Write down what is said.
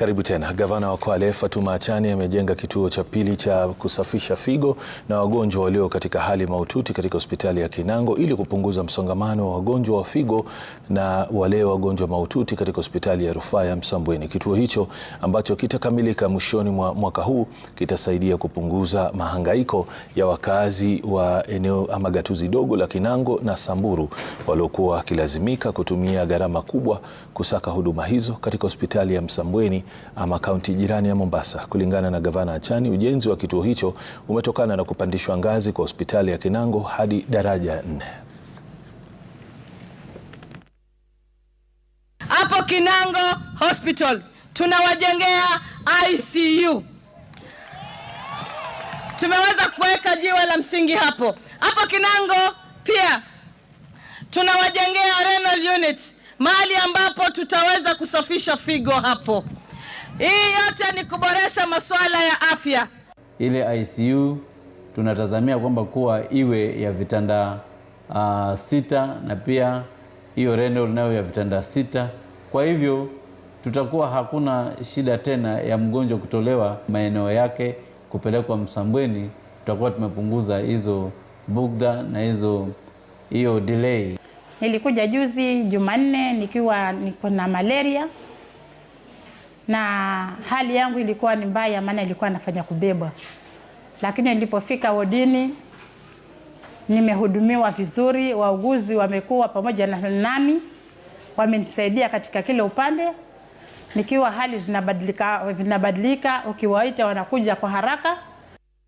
Karibu tena. Gavana wa Kwale Fatuma Achani amejenga kituo cha pili cha kusafisha figo na wagonjwa walio katika hali mahututi katika hospitali ya Kinango ili kupunguza msongamano wa wagonjwa wa figo na wale wagonjwa mahututi katika hospitali ya rufaa ya Msambweni. Kituo hicho ambacho kitakamilika mwishoni mwa mwaka huu kitasaidia kupunguza mahangaiko ya wakazi wa eneo ama gatuzi dogo la Kinango na Samburu waliokuwa wakilazimika kutumia gharama kubwa kusaka huduma hizo katika hospitali ya Msambweni ama kaunti jirani ya Mombasa. Kulingana na gavana Achani, ujenzi wa kituo hicho umetokana na kupandishwa ngazi kwa hospitali ya Kinango hadi daraja nne. Hapo Kinango Hospital tunawajengea ICU, tumeweza kuweka jiwe la msingi hapo. Hapo Kinango pia tunawajengea renal unit, mahali ambapo tutaweza kusafisha figo hapo. Hii yote ni kuboresha masuala ya afya. Ile ICU tunatazamia kwamba kuwa iwe ya vitanda uh, sita na pia hiyo renal nayo ya vitanda sita. Kwa hivyo tutakuwa hakuna shida tena ya mgonjwa kutolewa maeneo yake kupelekwa Msambweni. Tutakuwa tumepunguza hizo bugdha na hizo hiyo delay. Nilikuja juzi Jumanne nikiwa niko na malaria na hali yangu ilikuwa ni mbaya, maana ilikuwa nafanya kubebwa, lakini nilipofika wodini nimehudumiwa vizuri. Wauguzi wamekuwa pamoja na nami, wamenisaidia katika kila upande. Nikiwa hali zinabadilika vinabadilika, ukiwaita wanakuja kwa haraka.